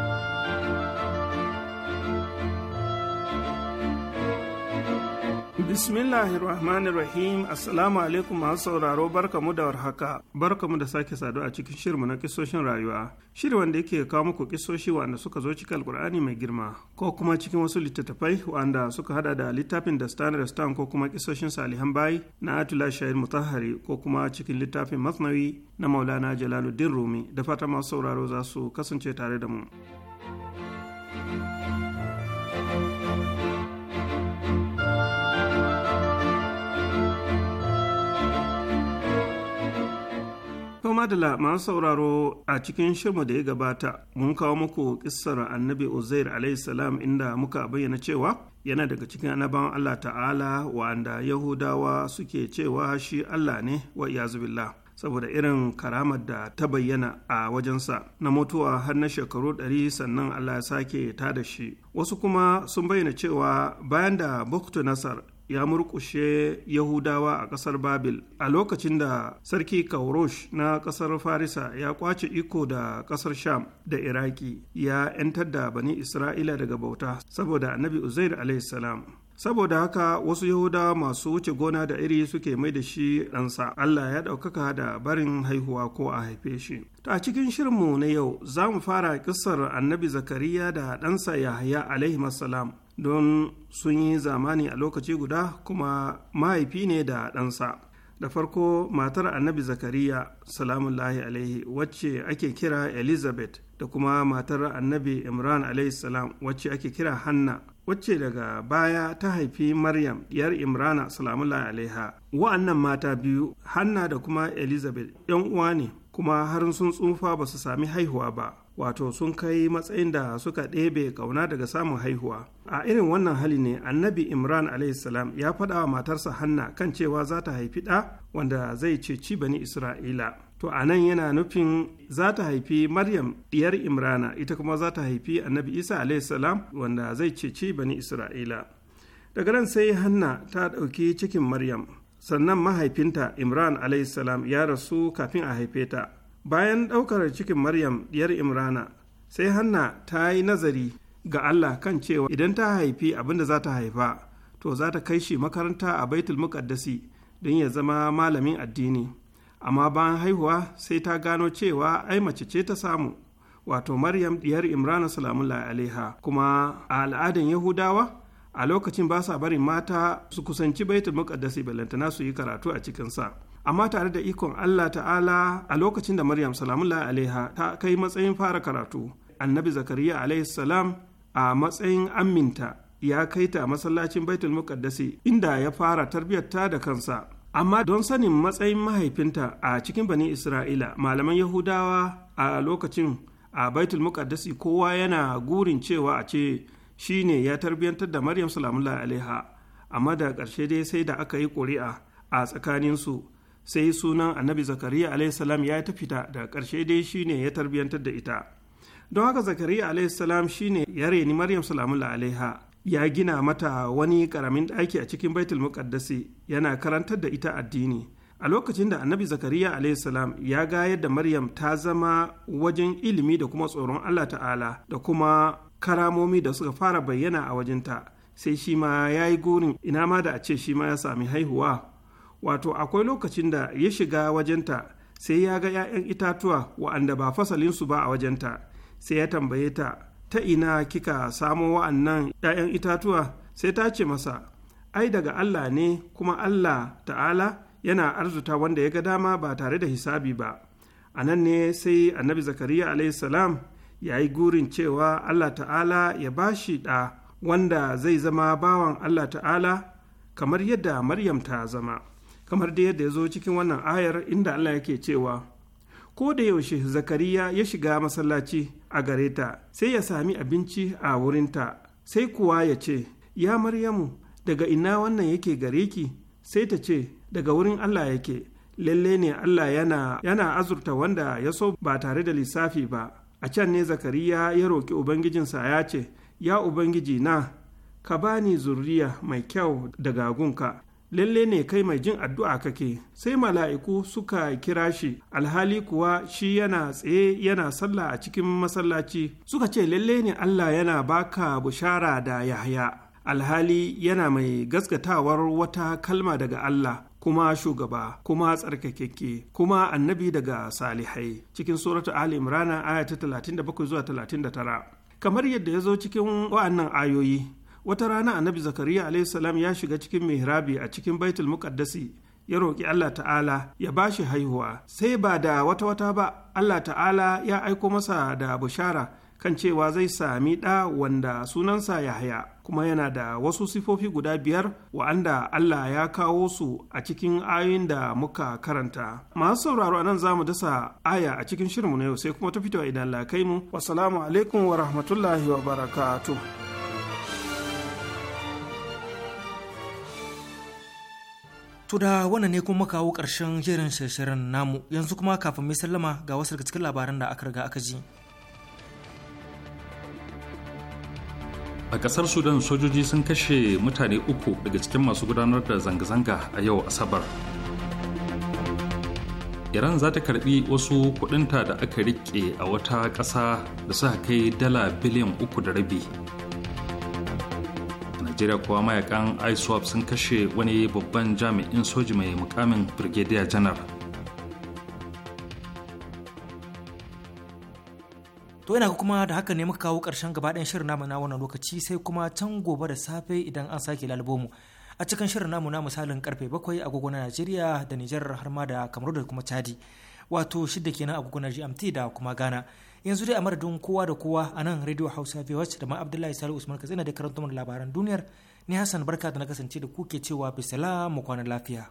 Bismillahirrahmanirrahim Assalamu alaikum masu sauraro barkamu da warhaka barkamu da sake saduwa a cikin shirinmu na kisoshin rayuwa shiri wanda yake kawo muku kisoshi wanda suka zo cikin alkur'ani mai girma ko kuma cikin wasu littattafai wanda suka hada da littafin da stan restan ko kuma kisoshin salihan bai na atula shahid mutahari ko kuma cikin littafin masnawi na maulana jalaluddin rumi da fata masu sauraro za su kasance tare da mu. madala masu sauraro a cikin shirma da ya gabata mun kawo muku kissar annabi uzair salam inda muka bayyana cewa yana daga cikin annabawan allah ta'ala wa'anda yahudawa suke cewa shi allah ne wa billah saboda irin karamar da ta bayyana a wajensa na mutuwa har na shekaru ɗari sannan allah ya sake ta da shi wasu kuma sun bayyana cewa bayan da buktu nasar ya murƙushe Yahudawa a ƙasar Babil a lokacin da sarki Kaurosh na ƙasar Farisa ya kwace iko da ƙasar Sham da Iraki ya 'yantar da bani Isra'ila daga bauta saboda annabi Uzair a.s. saboda haka wasu yahudawa masu wuce gona da iri suke mai da shi ɗansa allah ya ɗaukaka da barin haihuwa ko a haife shi ta cikin shirinmu na yau za mu fara kisar annabi zakariya da ɗansa yahaya alaihi don sun yi zamani a lokaci guda kuma mahaifi ne da ɗansa da farko matar annabi zakariya salamullahi alaihi wacce ake kira elizabeth da kuma matar annabi imran alaihi salam wacce ake kira hanna wacce daga baya ta haifi maryam yar imrana salamullahi alaiha wa'annan mata biyu hanna da kuma elizabeth yan uwa ne kuma har sun tsufa ba su sami haihuwa ba wato sun kai matsayin da suka ɗebe ƙauna daga samun haihuwa a irin wannan hali ne annabi imran salam ya faɗa wa matarsa hanna kan cewa za ta haifi ɗa wanda zai ceci bani isra'ila to a nan yana nufin za ta haifi maryam ɗiyar imrana ita kuma za ta haifi annabi isa salam wanda zai ceci bani isra'ila daga nan sai hanna ta ɗauki cikin maryam sannan mahaifinta imran salam ya rasu kafin a haife ta bayan ɗaukar cikin maryam ɗiyar imrana sai hanna ta yi nazari ga allah kan cewa idan ta haifi abin da za ta haifa to za ta kai shi makaranta a baitul muƙaddasi don ya zama malamin addini amma bayan haihuwa sai ta gano cewa ai mace ce ta samu wato maryam ɗiyar imrana salamullahi alaiha kuma a al'adan yahudawa a lokacin ba sa barin mata su kusanci baitul muqaddasi balantana su yi karatu a cikinsa amma tare da ikon Allah ta'ala a lokacin da Maryam salamullahi alaiha ta kai matsayin fara karatu annabi zakariya alaihi salam a matsayin aminta ya kai ta masallacin baitul muqaddasi inda ya fara tarbiyyarta da kansa amma don sanin matsayin mahaifinta a cikin bani isra'ila malaman yahudawa a lokacin a baitul muqaddasi kowa yana gurin cewa a ce ne ya tarbiyyantar da maryam salamullahi alaiha amma da ƙarshe dai sai da aka yi ƙuri'a a tsakaninsu sai sunan annabi zakariya alaihissalam ya ta fita daga ƙarshe dai shine ya tarbiyantar da ita don haka zakariya alaihissalam shine ya reni maryam salamullah alaiha ya gina mata wani karamin ɗaki a cikin baitul muqaddasi yana karantar da ita addini a lokacin da annabi zakariya alaihissalam ya ga yadda maryam ta zama wajen ilimi da kuma tsoron allah ta'ala da kuma karamomi da suka fara bayyana a wajenta sai shi ma ya yi gurin ina ma da a ce shi ma ya sami haihuwa wato akwai lokacin da ya shiga wajenta sai ya ga 'ya'yan itatuwa wa'anda ba fasalinsu ba a wajenta sai ya tambaye ta ta ina kika samo wa'annan 'ya'yan itatuwa sai ta ce masa ai daga Allah ne kuma Allah ta'ala yana arzuta wanda ya ga dama ba tare da hisabi ba a nan ne sai annabi zakariya salam ya yi gurin cewa Allah ta'ala ya ba shi ɗa wanda zai zama bawan Allah ta'ala kamar yadda maryam ta zama kamar da yadda ya zo cikin wannan ayar inda Allah yake cewa ko da yaushe zakariya ya shiga masallaci a gare ta sai ya sami abinci a wurinta sai kuwa ya ce ya maryamu daga ina wannan yake gare ki sai ta ce daga wurin Allah yake lalle ne Allah yana, yana azurta wanda ya so ba tare da lissafi ba a can ne zakariya ya roƙi ubangijinsa ya ce ya ubangiji na ka bani zuriya mai kyau daga gunka lalle ne kai mai jin addu'a kake sai mala'iku suka kira shi alhali kuwa shi yana tsaye yana sallah a cikin masallaci suka ce lalle ne Allah yana baka bushara da Yahaya alhali yana mai gaskatawar wata kalma daga Allah kuma shugaba kuma tsarkakeke kuma annabi daga salihai cikin suratu Ali aya ta 37 zuwa 39 kamar yadda ya zo cikin wa'annan ayoyi wata rana annabi zakariya alaihissalam ya shiga cikin mihrabi a cikin baitul muqaddasi ya roƙi allah ta'ala ya ba shi haihuwa sai ba da wata wata ba allah ta'ala ya aiko masa da bushara kan cewa zai sami ɗa wanda sunansa yahaya kuma yana da wasu sifofi guda biyar wa'anda Allah ya kawo su a cikin ayoyin da muka karanta. Masu sauraro a nan za mu dasa aya a cikin shirinmu na yau sai kuma ta fitowa idan lakai mu. Wasalamu alaikum wa rahmatullahi wa barakatuh. To da wannan ne kuma kawo ƙarshen jerin shirin namu yanzu kuma kafin mai sallama ga wasu daga cikin labaran da aka riga aka ji. A ƙasar Sudan sojoji sun kashe mutane uku daga cikin masu gudanar da zanga-zanga a yau Asabar. Iran za ta karbi wasu kudinta da aka rike a wata ƙasa da suka kai dala biliyan uku da rabi najeriya kuwa mayakan iswap sun kashe wani babban jami'in soji mai mukamin brigadier janar to yana kuma da haka ne muka kawo karshen gabaɗayan shirin namu na wannan lokaci sai kuma can gobe da safe idan an sake lalbomu a cikin shirin namu na misalin karfe bakwai agogo na najeriya da nijar har ma da kamaru da kuma chadi wato shidda kenan agogo na gmt da kuma ghana yanzu dai a madadin kowa da kowa a nan radio hausa vh da ma abdullahi salu usman katsina da karanta mana labaran duniyar ni hassan barka da na kasance da kuke ke cewa bisala mu kwana lafiya